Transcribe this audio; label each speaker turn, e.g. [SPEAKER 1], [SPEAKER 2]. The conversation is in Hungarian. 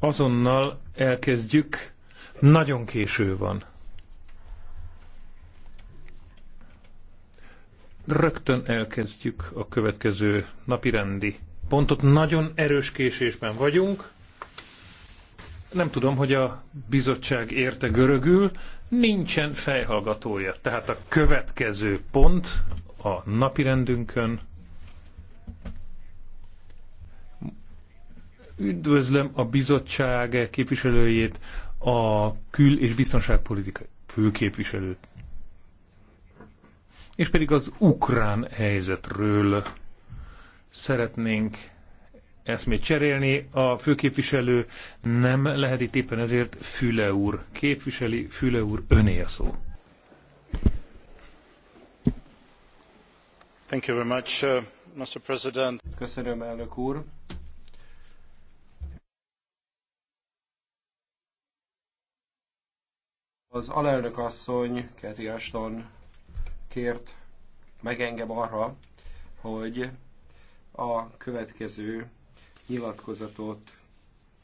[SPEAKER 1] Azonnal
[SPEAKER 2] elkezdjük. Nagyon késő van. Rögtön elkezdjük a következő napirendi pontot. Nagyon erős késésben vagyunk. Nem tudom, hogy a bizottság érte görögül, nincsen fejhallgatója. Tehát a következő pont a napirendünkön Üdvözlöm a bizottság képviselőjét, a kül- és biztonságpolitikai főképviselőt. És pedig az ukrán helyzetről szeretnénk eszmét cserélni. A főképviselő nem lehet itt éppen ezért Füle úr képviseli. Füle úr, öné a szó.
[SPEAKER 3] Thank you very much, uh, Mr. President. Köszönöm, elnök úr.
[SPEAKER 4] Az alelnök asszony, Keti Ashton kért meg engem arra, hogy a következő nyilatkozatot